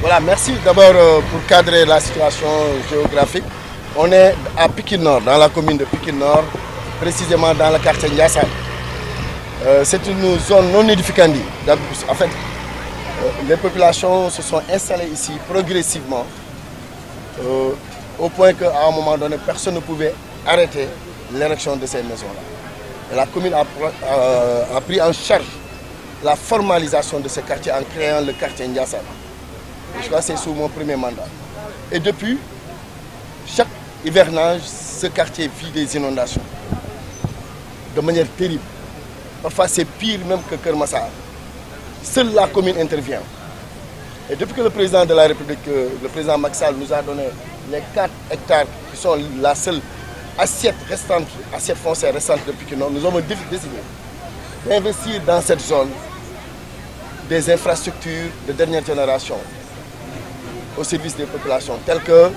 Voilà, merci d'abord euh, pour cadrer la situation géographique. On est à Pékin Nord, dans la commune de Pékin Nord, précisément dans le quartier Euh, C'est une zone non édificante. En fait, euh, les populations se sont installées ici progressivement, euh, au point qu'à un moment donné, personne ne pouvait arrêter l'érection de ces maisons-là. La commune euh, a, pris en charge la formalisation de ce quartier en créant le quartier Ndiassana. Je crois que c'est sous mon premier mandat. Et depuis, chaque hivernage, ce quartier vit des inondations de manière terrible. Parfois, c'est pire même que Kermassar seule la commune intervient. Et depuis que le président de la République, euh, le président Maxal, nous a donné les 4 hectares qui sont la seule assiette restante, assiette foncière restante depuis que nous avons décidé d'investir dans cette zone des infrastructures de dernière génération au service des populations, telles que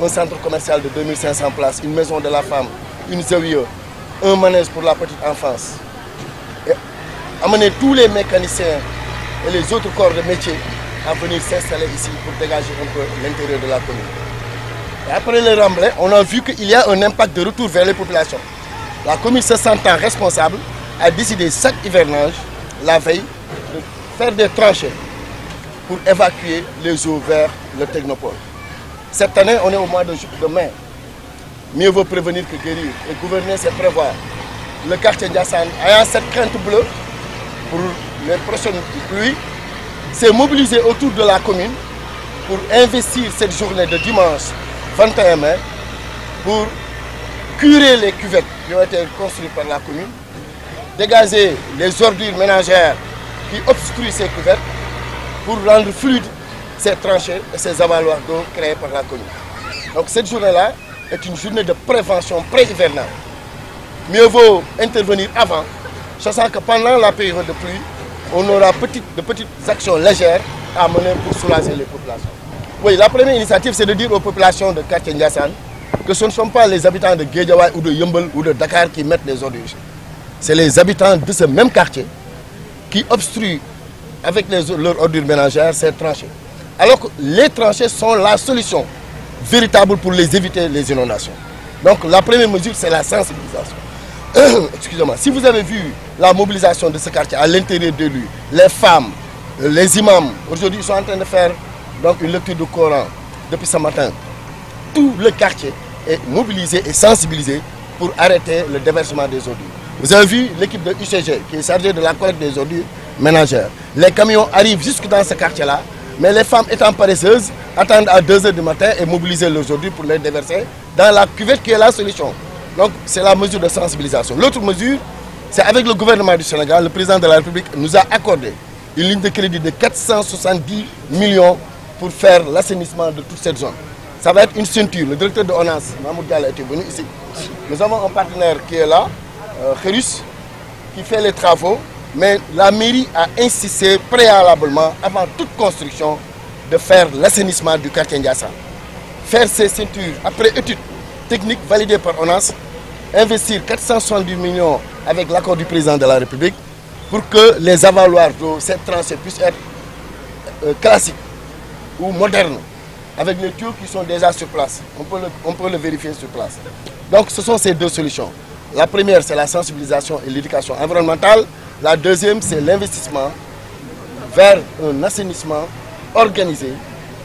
un centre commercial de 2500 places, une maison de la femme, une ZOE, un manège pour la petite enfance, amener tous les mécaniciens et les autres corps de métier à venir s'installer ici pour dégager un peu l'intérieur de la commune. Et après le remblai, on a vu qu'il y a un impact de retour vers les populations. La commune se sentant responsable a décidé cette hivernage, la veille, de faire des tranchées pour évacuer les eaux vers le technopole. Cette année, on est au mois de, de mai. Mieux vaut prévenir que guérir. Et gouverner, s'est prévoir. Le quartier Ndiassan, ayant cette crainte bleue, pour les prochaines pluies, s'est mobilisé autour de la commune pour investir cette journée de dimanche 21 mai pour curer les cuvettes qui ont été construites par la commune, dégager les ordures ménagères qui obstruent ces cuvettes pour rendre fluide ces tranchées et ces avaloirs d'eau créés par la commune. Donc cette journée-là est une journée de prévention pré-hivernale. Mieux vaut intervenir avant Sachant que pendant la période de pluie, on aura de petites actions légères à mener pour soulager les populations. Oui, la première initiative, c'est de dire aux populations de quartier que ce ne sont pas les habitants de Guédiawaï ou de Yumbel ou de Dakar qui mettent les ordures. C'est les habitants de ce même quartier qui obstruent avec leurs ordures ménagères ces tranchées. Alors que les tranchées sont la solution véritable pour les éviter les inondations. Donc la première mesure, c'est la sensibilisation. excusez-moi, si vous avez vu la mobilisation de ce quartier à l'intérieur de lui, les femmes, les imams, aujourd'hui ils sont en train de faire donc, une lecture du Coran depuis ce matin. Tout le quartier est mobilisé et sensibilisé pour arrêter le déversement des ordures. Vous avez vu l'équipe de UCG qui est chargée de la collecte des ordures ménagères. Les camions arrivent jusque dans ce quartier-là, mais les femmes étant paresseuses attendent à 2h du matin et mobilisent les ordures pour les déverser dans la cuvette qui est la solution. Donc c'est la mesure de sensibilisation. L'autre mesure, c'est avec le gouvernement du Sénégal, le président de la République nous a accordé une ligne de crédit de 470 millions pour faire l'assainissement de toute cette zone. Ça va être une ceinture. Le directeur de ONAS, Mahmoud Diallo, est venu ici. Nous avons un partenaire qui est là, euh, qui fait les travaux. Mais la mairie a insisté préalablement, avant toute construction, de faire l'assainissement du quartier Ndiassa. Faire ces ceintures après étude technique validée par ONAS investir 470 millions avec l'accord du président de la République pour que les avaloirs de cette tranchée puissent être euh, classiques ou modernes, avec les tuyaux qui sont déjà sur place. On peut, on peut le vérifier sur place. Donc ce sont ces deux solutions. La première, c'est la sensibilisation et l'éducation environnementale. La deuxième, c'est l'investissement vers un assainissement organisé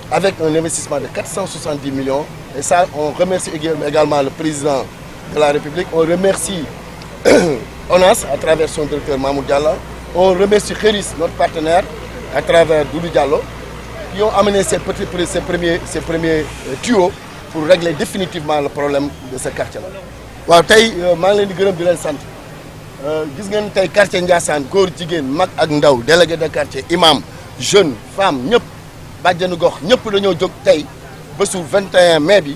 avec un investissement de 470 millions. Et ça, on remercie également le président de la République. On remercie ONAS à travers son directeur Mahmoud Diallo. On remercie Kheris notre partenaire, à travers Doudou Diallo, qui ont amené ces, petits, ces premiers, ces premiers euh, tuyaux pour régler définitivement le problème de ce quartier-là. waaw je vous remercie. Vous di gërëm di euh, gis ngeen quartier Ndiassane góor jigéen mak ak ndaw délégué de quartier imam jeunes, femmes, ñëpp bàjjenu gox ñëpp sont venus aujourd'hui, le 21 mai bi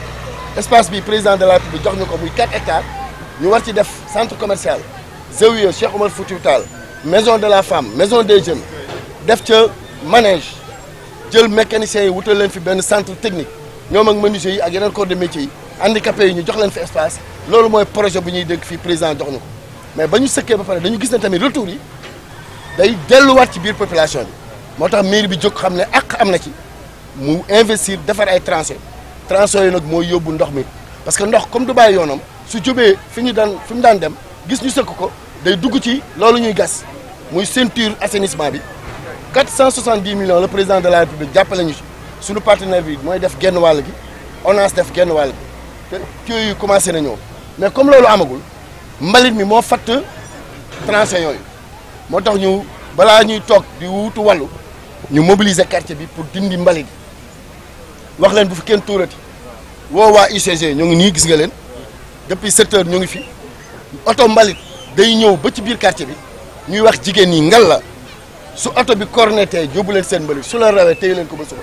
espace bi président de la République jox 4 hectares ñu war ci def centre commercial Cheikh maison de la femme maison des jeunes def manège jël mécaniciens yi wutal leen fi benn centre technique ñoom ak ak yeneen corps de métier yi handicapés yi ñu jox leen fi espace loolu mooy projet bu ñuy président mais ba nous sëkkee ba pare dañu gis ne tamit retour yi day population bi moo bi jóg xam ci investir transo nak moy mooy yóbbu ndox mi parce que ndox comme du bàyyi yoonam su jubee fiñu dan daan dan dem gis ñu sekk ko day dugg ci lolu ñuy gas muy ceinture assainissement bi 470 millions le président de la république jàppale ñu suñu partenaire bi moy def genn wàll gi ONAS def genn wàll gi yi commencé na mais comme lolu amagul mbalit mi mo fatt tranché yoy mo tax ñu bala ñuy tok di wutu walu ñu mobiliser quartier bi pour dindi mbalit wax leen bu fi kenn tuurati woo waa UCG ñoo ngi nii gis nga leen depuis sept heures ñu ngi fi oto mbalit day ñëw ba ci biir quartier bi ñuy wax jigéen ñi ngal la su oto bi cornetee yóbbu leen seen mbalit su la rawee téye leen ko ba suba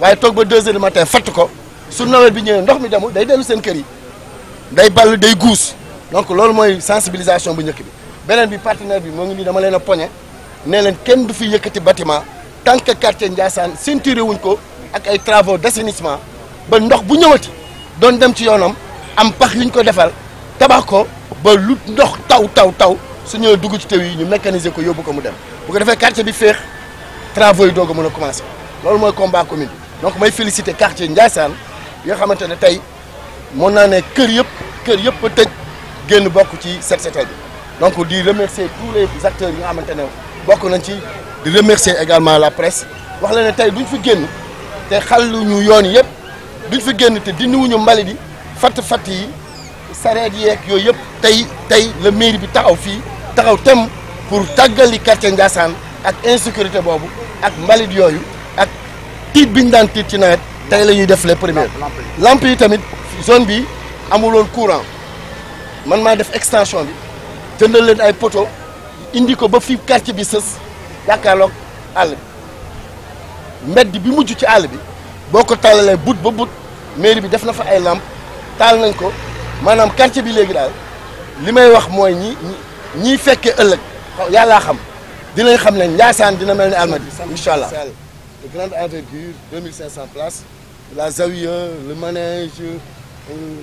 waaye toog ba deux heures du matin fatt ko su nawet bi ñëwee ndox mi demul day dellu seen kër yi day ball day guus donc loolu mooy sensibilisation bu njëkk bi beneen bi partenaire bi moo ngi nii dama leen a poñe nee leen kenn du fi yëkkati bâtiment tant que quartier Ndiassane ceinturé wuñ ko ak ay travaux d'assainissement ba ndox bu ñëwati doon dem ci yoonam am pax yuñ ko defal tabax ko ba lu ndox taw taw taw su ñëwee dugg ci taw yi ñu mécaniser ko yóbbu ko mu dem bu ko defee quartier bi féex travaux yi doog a mën a commencé loolu mooy combat commune bi donc may félicité quartier Ndiassane nga xamante ne tey mën naa ne kër yëpp kër yëpp a tëj génn bokk ci set setal bi donc di remercier tous les acteurs yi nga xamante ne bokk nañ ci di remercier également la presse wax la ne tey duñ fi génn te xalluñu yoon yëpp. duñ fi génn te dindiwuñu mbalit yi fatt fatt yi sareet yeeg yooyu yëpp tey tey la mairie bi taxaw fii taxaw tem pour tàggali quartier Ndiassane ak insécurité boobu ak mbalit yooyu ak tiit bi daan tiit ci nawet tey la ñuy def les premières lamp yi tamit zone bi amuloon courant man maa def extension bi jëndal leen ay poto indi ko ba fii quartier bi sës jàkkaarloog àll bi mbedd bi mujj ci àll bi boo ko tàllalee bout ba but mairie bi def na fa ay làmp taal nañ ko maanaam quartier bi léegi daal li may wax mooy ñi ñiy fekkee ëllëg yàllaa xam dinañ xam ne Ndiassane dina mel ni inshallah. Le grand de envergure 2500 places la zawiya le manège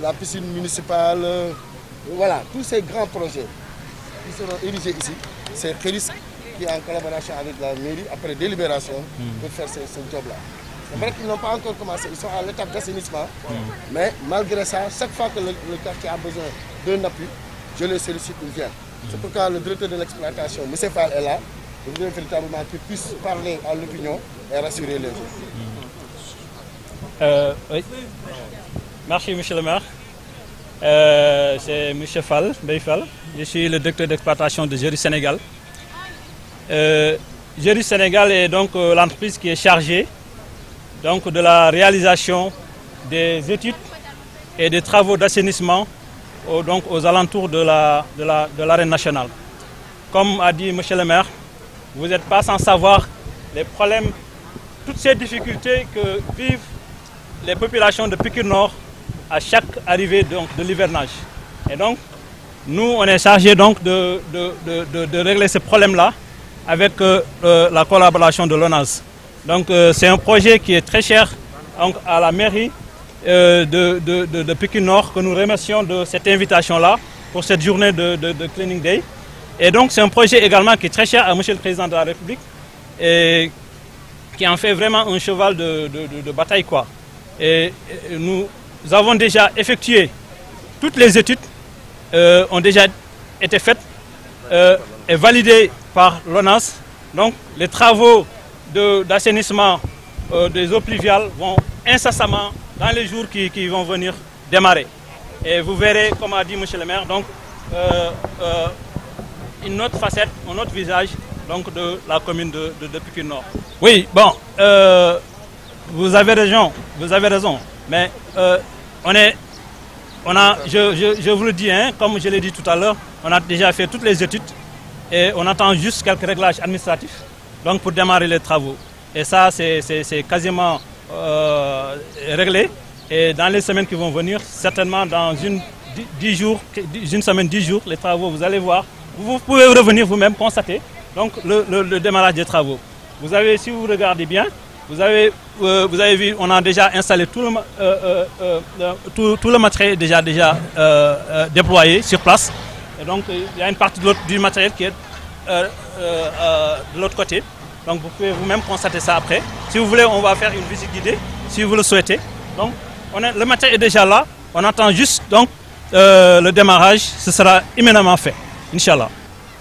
la piscine municipale voilà tous ces grands projets qui seront érigés ici c'est Kéris qui est en collaboration avec la mairie après délibération hmm. pour faire ce job là les vrai qu'ils n'ont pas encore commencé, ils sont à l'étape d'assainissement. Mais malgré ça, chaque fois que le, quartier a besoin d'un appui, je le sollicite, il vient. C'est pourquoi le directeur de l'exploitation, M. Fall, est là. Je voudrais véritablement qu'il puisse parler à l'opinion et rassurer les gens. Euh, oui. Merci, M. le maire. Euh, c'est M. Fall, Fall, Je suis le directeur d'exploitation de Jury Sénégal. Euh, Sénégal est donc euh, l'entreprise qui est chargée donc de la réalisation des études et des travaux d'assainissement aux, donc aux alentours de la, de, la, l'arène nationale. Comme a dit M. le maire, vous n'êtes pas sans savoir les problèmes, toutes ces difficultés que vivent les populations de pékin Nord à chaque arrivée de l'hivernage. Et donc, nous, on est chargé donc de, régler ces problèmes-là avec euh, euh, la collaboration de l'ONAS. Donc euh, c'est un projet qui est très cher à la mairie euh, de, de, de, Pékin Nord que nous remercions de cette invitation-là pour cette journée de, de, Cleaning Day. Et donc c'est un projet également qui est très cher à M. le Président de la République et qui en fait vraiment un cheval de, bataille. Quoi. Et, nous avons déjà effectué toutes les études, euh, ont déjà été faites et validées par l'ONAS. Donc les travaux d'assainissement euh, des eaux pluviales vont incessamment, dans les jours qui, vont venir, démarrer. Et vous verrez, comme a dit M. le maire, donc, euh, euh, une autre facette, un autre visage donc, de la commune de, de, Nord. Oui, bon, vous avez raison, vous avez raison, mais on est on a, je, vous le dis, hein, comme je l'ai dit tout à l'heure, on a déjà fait toutes les études et on attend juste quelques réglages administratifs donc pour démarrer les travaux. Et ça, c'est quasiment euh, réglé. Et dans les semaines qui vont venir, certainement dans une, dix jours, une semaine, dix jours, les travaux, vous allez voir. Vous pouvez revenir vous-même constater donc, le, le, démarrage des travaux. Vous avez, si vous regardez bien, vous avez, euh, vous avez vu, on a déjà installé tout le, euh, tout, tout, le matériel déjà, déjà déployé sur place. Et donc, il y a une partie de du matériel qui est euh, euh, euh, de l'autre côté. Donc vous pouvez vous-même constater ça après. Si vous voulez, on va faire une visite guidée, si vous le souhaitez. Donc on est, le matin est déjà là, on attend juste donc le démarrage, ce sera immédiatement fait, Inch'Allah.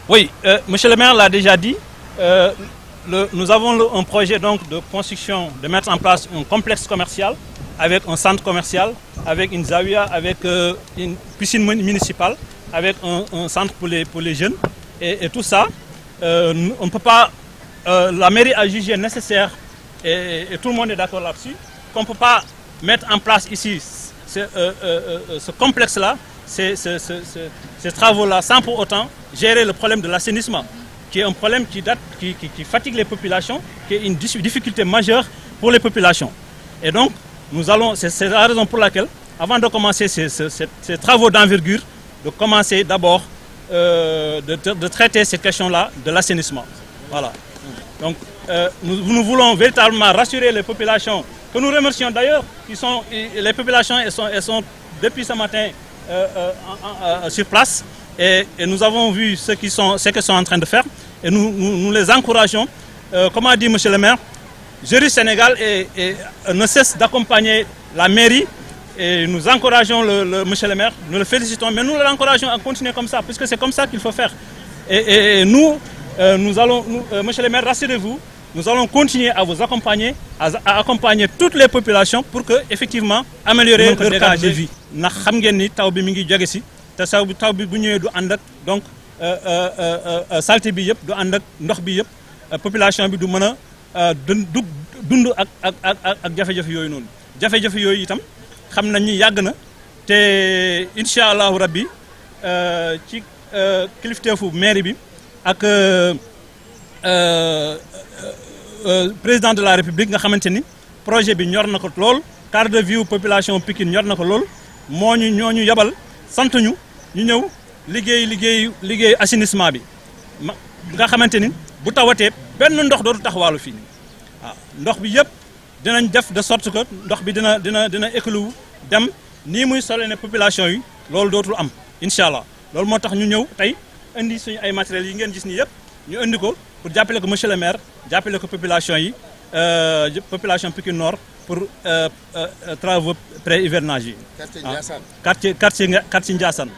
Oui, M. Monsieur le maire l'a déjà dit, nous avons un projet donc de construction, de mettre en place un complexe commercial avec un centre commercial, avec une zawiya, avec une piscine municipale, avec un, centre pour les jeunes et, tout ça, euh, on ne peut pas, euh, la mairie a jugé nécessaire, et, tout le monde est d'accord là-dessus, qu'on ne peut pas mettre en place ici ce euh, complexe-là, ces, travaux-là, sans pour autant gérer le problème de l'assainissement, qui est un problème qui, qui, fatigue les populations, qui est une difficulté majeure pour les populations. Et donc, nous allons, c'est la raison pour laquelle, avant de commencer ces travaux d'envergure, de commencer d'abord euh, de, traiter cette question-là de l'assainissement. Voilà. Donc, euh, nous, nous, voulons véritablement rassurer les populations, que nous remercions d'ailleurs, sont, les populations elles sont, elles sont depuis ce matin euh, sur place et, nous avons vu ce qu'ils sont, ce sont en train de faire et nous, nous, les encourageons. comme a dit M. le maire, Jérusalem Sénégal et, ne cesse d'accompagner la mairie et nous encourageons le, le, monsieur le maire, nous le félicitons, mais nous l'encourageons à continuer comme ça, puisque c'est comme ça qu'il faut faire. Et, et, nous, euh, nous allons, euh, monsieur le maire, rassurez-vous, nous allons continuer à vous accompagner, à, accompagner toutes les populations pour que, effectivement, améliorer leur cadre de vie. Nous xam ngeen ni taw bi mi ngi jóge si te saw bi taw bi bu ñëwee du donc euh, salté bi yëpp du ànd ak ndox bi yëpp population bi du mën a dund ak ak ak ak jafe-jafe yooyu noonu jafe-jafe itam xam nañ ni yàgg na te incha allahu rabbi euh, ci euh, kilifteefu mairie bi ak euh, président de la république nga xamante ni projet bi ñor na ko lool quart de vie population Pikine ñor na ko lool moo ñu ñoo ñu yebal sant ñu ñu ñëw liggéey liggéey liggéey assainissement bi ma nga xamante ni bu tawatee benn ndox dootu taxawaalu fii waaw ndox bi yëpp dinañ def de sorte que ndox bi dina dina dina écoulé wu dem nii muy sole ne population yi loolu dootul am incha allah loolu moo tax ñu ñëw tey indi suñu ay matériels yi ngeen gis nii yëpp ñu indi ko pour jàppale ko monsieur le maire jàppale ko population yi euh, population Pikine Nord pour euh, euh, travaux pré hivernage yi. quartier ah. Ndiassane quartier quartier quartier Ndiassane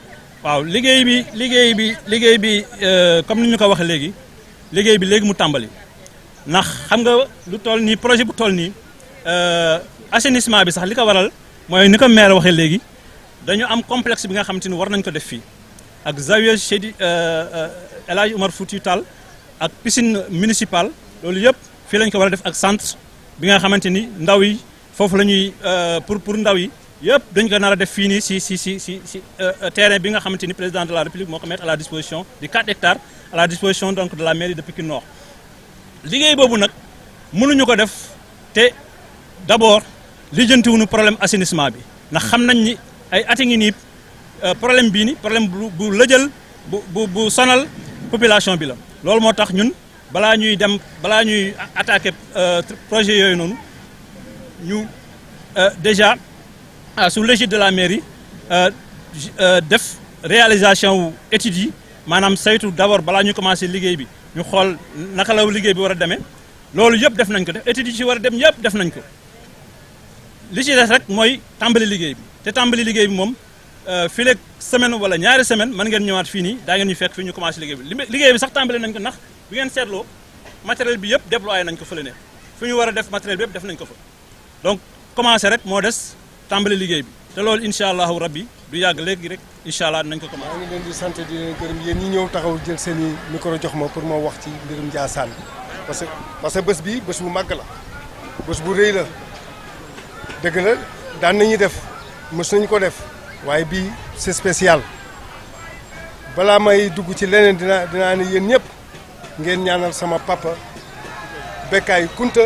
waaw liggéey bi liggéey bi liggéey bi comme ni ñu ko waxee léegi liggéey bi léegi mu tàmbali ndax xam nga lu tool nii projet bu toll nii. Euh, assainissement bi sax li ko waral mooy ni ko maire waxee léegi dañu am complexe bi nga xam te war nañ ko def fii ak zawiya Seydi euh, euh, El Hadji Omar Foutiyou Tall ak piscine municipale loolu yëpp fii lañ ko war a def ak centre bi nga xamante ni ndaw yi foofu la ñuy pour pour ndaw yi yëpp dañ ko nar a def fii nii si si si si si terrain bi nga xamante ni président de la république moo ko mettre à la disposition di 4 hectares à la disposition donc de la mairie de Pikine d'abord lijjantiwuñu problème assainissement bi ndax xam nañ ni ay ati ngi nii euh, problème bii ni problème bu bu lëjal bu bu bu sonal population bi la loolu moo tax ñun balaa ñuy dem balaa ñuy attaquer euh, projet yooyu noonu ñu euh, déjà ah, su l'égide de la mairie def réalisation wu études yi maanaam saytu d'abord balaa ñu commencer liggéey bi ñu xool naka law liggéey bi war a demee loolu yëpp def nañ ko def études yi war a dem yëpp def nañ ko li ci des rek mooy tàmbali liggéey bi te tàmbali liggéey bi moom euh, fii léegi semaine wala ñaari semaine man ngeen ñëwaat fii nii daa ngeen ñu fekk fii ñu commencé liggéey bi liggéey bi sax tàmbali nañ ko ndax bi ngeen seetloo matériel bi yëpp déployé nañ ko fële ne fi ñu war a def matériel bi yëpp def nañ ko fa donc commencé rek moo des tàmbali liggéey bi te loolu incha allahu rabbi du yàgg léegi rek incha allah nañ ko commencé. maa ngi leen di sant di yéen ñi ñëw taxaw jël seen i jox ma pour ma wax ci mbirum Ndiassane parce que parce que bés bi bés bu màgg la bés bu rëy la dëgg la daan nañu def mës nañu ko def waaye bii c'est spécial balaa may dugg ci leneen dinaa dinaa ne yéen ñëpp ngeen ñaanal sama papa Bécaye Kounta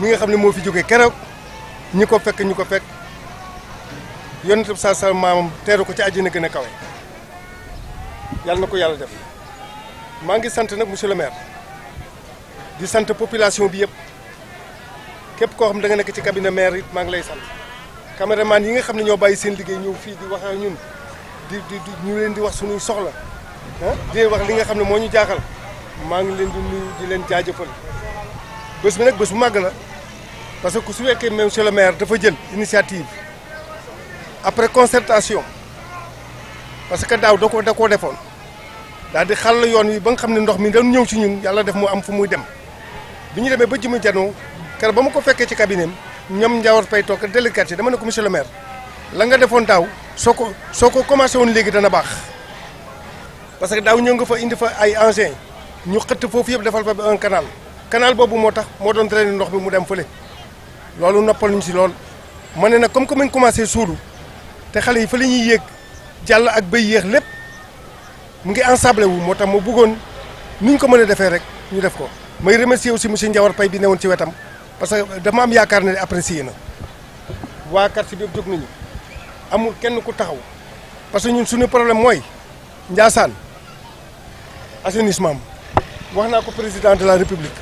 mi nga xam ne moo fi jóge keroog ñi ko fekk ñi ko fekk yonent bi saa sa maamam teeru ko ci àjjana gën a kawe yàlla na ko yàlla def maa ngi sant nag monsieur le maire di sant population bi yëpp képp koo xam da nga nekk ci cabinet maire it maa ngi lay sant cameraman yi nga xam ne ñoo bàyyi seen liggéey ñëw fii di wax ak ñun di di ñu leen di wax suñuy soxla ah di wax li nga xam ne moo ñu jaaxal maa ngi leen di nuyu di leen jaajëfal bés bi nag bés bu màgg la parce que ku su fekkee monsieur le maire dafa jël initiative après concertation parce que daaw da ko da koo defoon daal di xàll yoon yi ba nga xam ne ndox mi dañu ñëw ci ñun yàlla def mu am fu muy dem bi ñu demee ba jëmu janoo kër ba ma ko fekke ci cabinet ñom Ndiawar fay tok delu quartier dama ne ko monsieur le maire la nga defon daaw soko soko commencé won légui dana bax parce que daw ñu nga fa indi fa ay engin ñu xëtt fofu yëpp defal fa un canal canal bobu motax mo don traine ndox bi mu dem fele lolu noppal ñu ci lool mané na comme comme ñu commencé sourou té xalé yi fa lañuy yegg jall ak bay yeex lepp mu ngi ensemble wu motax mo ma bëggoon ñu ko mëna défé rek ñu def ko may remercier aussi monsieur Ndiawar Faye bi newoon ci wétam parce que dama am yaakaar ne apprécié na waa quartier bi jóg nañu amul kenn ku taxaw parce que ñun suñu problème mooy Ndiassane assainissement am wax naa ko président de la république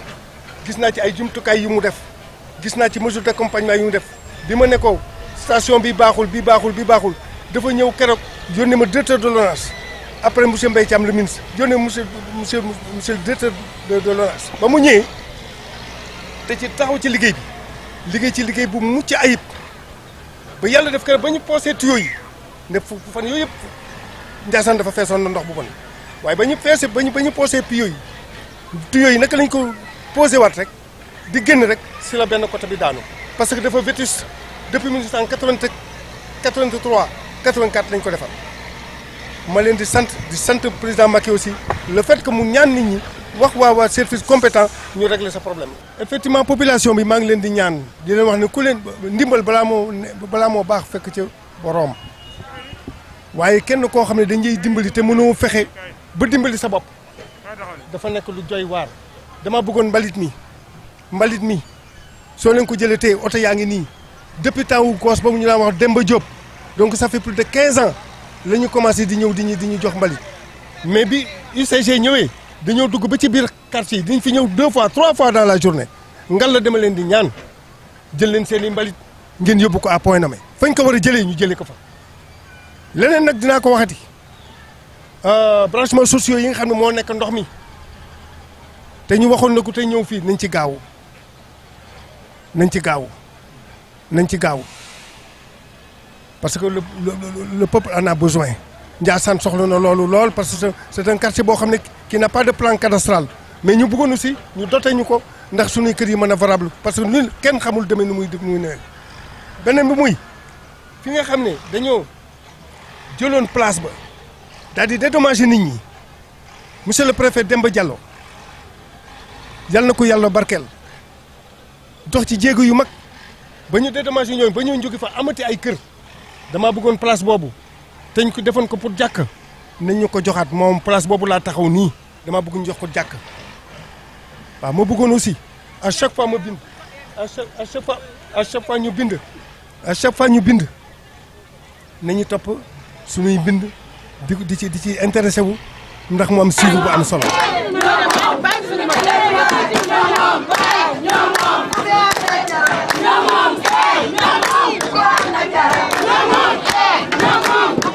gis naa ci ay jumtukaay yu mu def gis naa ci mesure d'accompagnement yu def bi ma ne ko station bi baaxul bi baaxul bi baaxul dafa ñëw keroog yónnee ma directeur de l'ONAS après monsieur Mbaye Thiam le ministre yónnee monsieur monsieur monsieur directeur de l'ONAS ba mu ñëwee. te ci taxaw ci liggéey bi liggéey ci liggéey bu mucc ayib ba yàlla def ko ba ñu poosee tuyoo yi ne fu fan yooyu yëpp Ndiassane dafa feesoon na ndox bu bon waaye ba ñu feesee ba ñu ba ñu poosee tuyoo yi tuyoo yi naka lañ ko posé waat rek di génn rek si la benn côté bi daanu parce que dafa vétus depuis 1983 84 lañ ko defal ma leen di sant di sant président Macky aussi le fait que mu ñaan nit ñi wax waa waa service compétent ñu régler sa problème effectivement population bi maa ngi leen di ñaan di leen wax ni ku leen ndimbal balaa mo balaa mo bax fekk ci borom waye kenn ko xam dañ dañuy dimbali te mënoo fexé ba dimbali sa bop dafa nekk lu joy war dama bëggoon mbalit mi mbalit mi so leen ko jëlee té auto yaangi ni depuis temps wu koos ba mu ñu la wax Demba job donc ça fait plus de 15 ans lañu commencé di ñëw di ñi di ñu jox mbalit mais bi UCG ñëwé dañoo dugg ba ci biir quartier yi dañ fi ñëw deux fois trois fois dans la journée ngal la dama leen di ñaan jël leen seen i mbalit ngeen yóbbu ko à point nommé fañ ko war a jëlee ñu jëlee ko fa leneen nag dinaa ko waxati euh, branchements sociaux yi nga xam ne moo nekk ndox mi te ñu waxoon na ko te ñëw fii nañ ci gaaw nañ ci gaaw nañ ci gaaw parce que le le le peuple en a besoin na parce que c'est un quartier qui n'a pas de plan cadastral mais nous bëggoon aussi ñu dote ko ndax kër yi parce que nous kenn xamul demee nu muy muy nawet bi muy fi nga place ba di nit ñi monsieur le préfet Demba Diallo yal na ko yàlla dox ci jéego yu mag ba ñu ba ñu fa amati ay kër place teñ ko defon ko pour jàkk nañ ñu ko joxat mom place bobu la taxaw ni dama bëgg ñu jox ko jàkk wa mo bëggon aussi à chaque fois mo bind à chaque fois à chaque fois ñu bind à chaque fois ñu bind nañu top suñuy bind di di ci di ci intéressé wu ndax mo am suivi bu am solo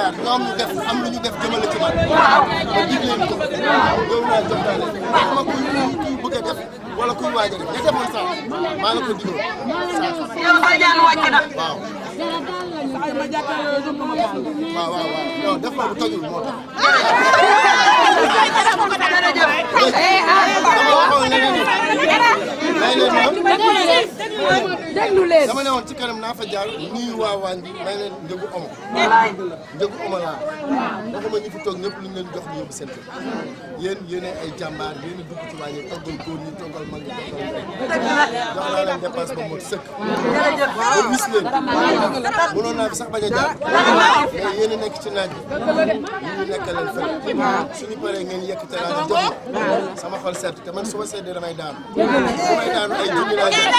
jaar ñoom ñu def am lu ñu def jëmale ci man ma dig leen ko yow naa jox naa leen ma kuy kuy bëgg a def wala kuy waaj a def ña defoon sax maa la ko digoon. waaw. waaw waaw waaw non def ma bu tojul moo tax. Ah! déglu leen dama ne woon ci kanam naa fa jaar nuyu waa Wanji may leen njëgu omo njëgu omo laa waxuma ñi fi toog ñëpp lu ñu leen jox ñu yóbbu seen kër yéen yéenee ay jàmbaar yéen a dugg ci wàññi toggal góor ñi toggal mag ñi toggal jox naa leen dépense ba mot sëkk ba bis leen mënoon naa fi sax bañ a jaar mais yéen a nekk ci naaj bi ñu nekk leen fële suñu paree ngeen yekk teraanga jox sama xol sedd te man su ma seddee damay daanu damay daanu ay junni laa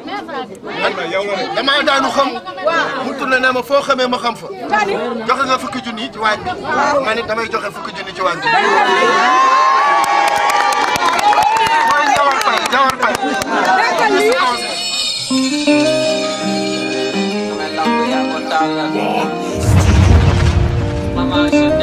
damaa daanu xam mu tourné ne ma foo xamee ma xam fa joxe nga fukki junni ci waañ bi ma ne damay joxe fukki junni ci waañ bi mooy Njawar Faye Njawar Faye